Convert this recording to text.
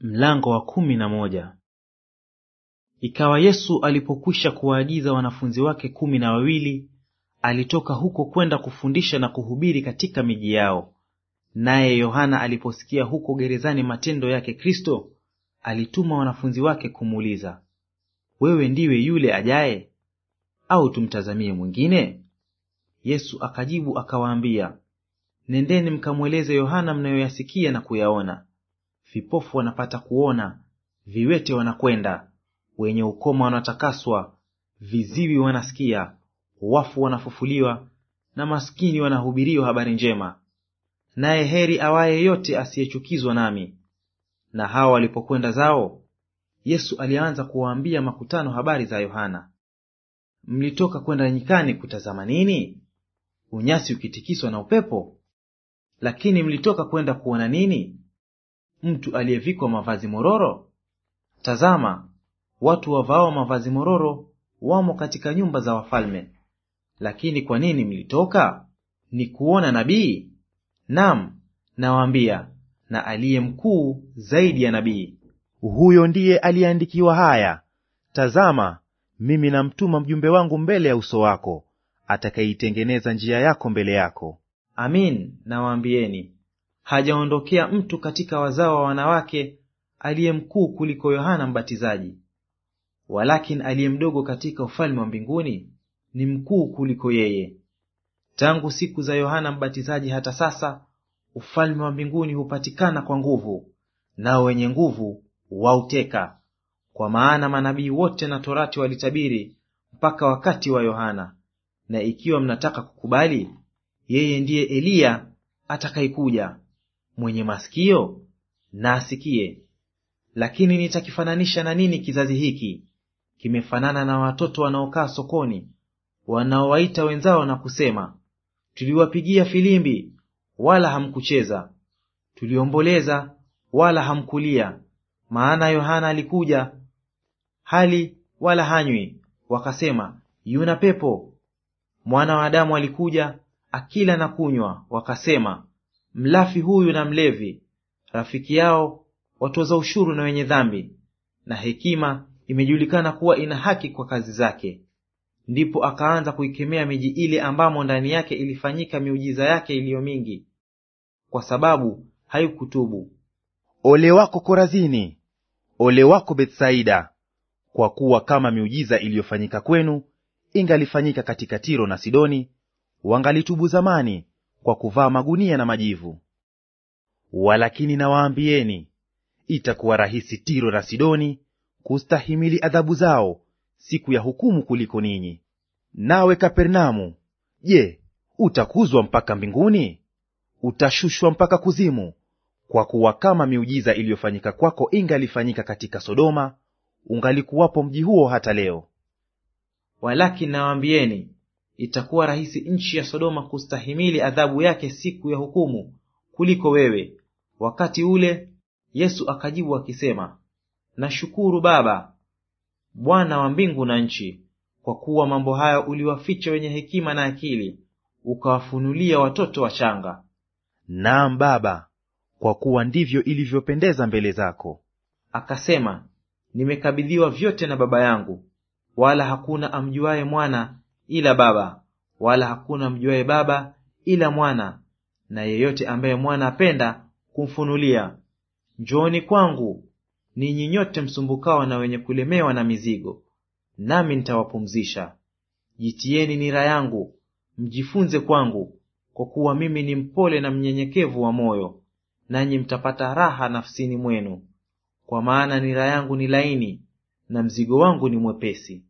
Mlango wa kumi na moja. Ikawa Yesu alipokwisha kuwaagiza wanafunzi wake kumi na wawili, alitoka huko kwenda kufundisha na kuhubiri katika miji yao. Naye Yohana aliposikia huko gerezani matendo yake Kristo, alituma wanafunzi wake kumuuliza, wewe ndiwe yule ajaye, au tumtazamie mwingine? Yesu akajibu akawaambia, nendeni mkamweleze Yohana mnayoyasikia na kuyaona vipofu wanapata kuona, viwete wanakwenda, wenye ukoma wanatakaswa, viziwi wanasikia, wafu wanafufuliwa, na maskini wanahubiriwa habari njema. Naye heri awaye yote asiyechukizwa nami. Na hawa walipokwenda zao, Yesu alianza kuwaambia makutano habari za Yohana. Mlitoka kwenda nyikani kutazama nini? Unyasi ukitikiswa na upepo? Lakini mlitoka kwenda kuona nini? mtu aliyevikwa mavazi mororo? Tazama, watu wavao mavazi mororo wamo katika nyumba za wafalme. Lakini kwa nini mlitoka? Ni kuona nabii? Naam, nawaambia, na aliye mkuu zaidi ya nabii. Huyo ndiye aliyeandikiwa haya: Tazama, mimi namtuma mjumbe wangu mbele ya uso wako, atakayeitengeneza njia yako mbele yako. Amin, nawaambieni hajaondokea mtu katika wazao wa wanawake aliye mkuu kuliko Yohana Mbatizaji, walakin aliye mdogo katika ufalme wa mbinguni ni mkuu kuliko yeye. Tangu siku za Yohana Mbatizaji hata sasa ufalme wa mbinguni hupatikana kwa nguvu, nao wenye nguvu wauteka. Kwa maana manabii wote na Torati walitabiri mpaka wakati wa Yohana. Na ikiwa mnataka kukubali, yeye ndiye Eliya atakayekuja. Mwenye masikio na asikie. Lakini nitakifananisha na nini kizazi hiki? Kimefanana na watoto wanaokaa sokoni, wanaowaita wenzao na kusema, tuliwapigia filimbi, wala hamkucheza; tuliomboleza, wala hamkulia. Maana Yohana alikuja hali wala hanywi, wakasema yuna pepo. Mwana wa Adamu alikuja akila na kunywa, wakasema mlafi huyu na mlevi, rafiki yao watoza ushuru na wenye dhambi, na hekima imejulikana kuwa ina haki kwa kazi zake. Ndipo akaanza kuikemea miji ile ambamo ndani yake ilifanyika miujiza yake iliyo mingi, kwa sababu haikutubu. Ole wako Korazini! Ole wako Bethsaida! Kwa kuwa kama miujiza iliyofanyika kwenu ingalifanyika katika Tiro na Sidoni, wangalitubu zamani kwa kuvaa magunia na majivu. Walakini nawaambieni, itakuwa rahisi Tiro na Sidoni kustahimili adhabu zao siku ya hukumu kuliko ninyi. Nawe Kapernaumu, je, utakuzwa mpaka mbinguni? Utashushwa mpaka kuzimu. Kwa kuwa kama miujiza iliyofanyika kwako ingalifanyika katika Sodoma, ungalikuwapo mji huo hata leo. Walakini nawaambieni, itakuwa rahisi nchi ya Sodoma kustahimili adhabu yake siku ya hukumu kuliko wewe. Wakati ule Yesu akajibu akisema, nashukuru Baba, Bwana wa mbingu na nchi, kwa kuwa mambo hayo uliwaficha wenye hekima na akili, ukawafunulia watoto wachanga. Naam Baba, kwa kuwa ndivyo ilivyopendeza mbele zako. Akasema, nimekabidhiwa vyote na Baba yangu, wala hakuna amjuaye mwana ila Baba, wala hakuna mjuaye Baba ila Mwana, na yeyote ambaye Mwana apenda kumfunulia. Njooni kwangu ninyi nyote msumbukao na wenye kulemewa na mizigo, nami nitawapumzisha. Jitieni nira yangu, mjifunze kwangu, kwa kuwa mimi ni mpole na mnyenyekevu wa moyo, nanyi mtapata raha nafsini mwenu, kwa maana nira yangu ni laini na mzigo wangu ni mwepesi.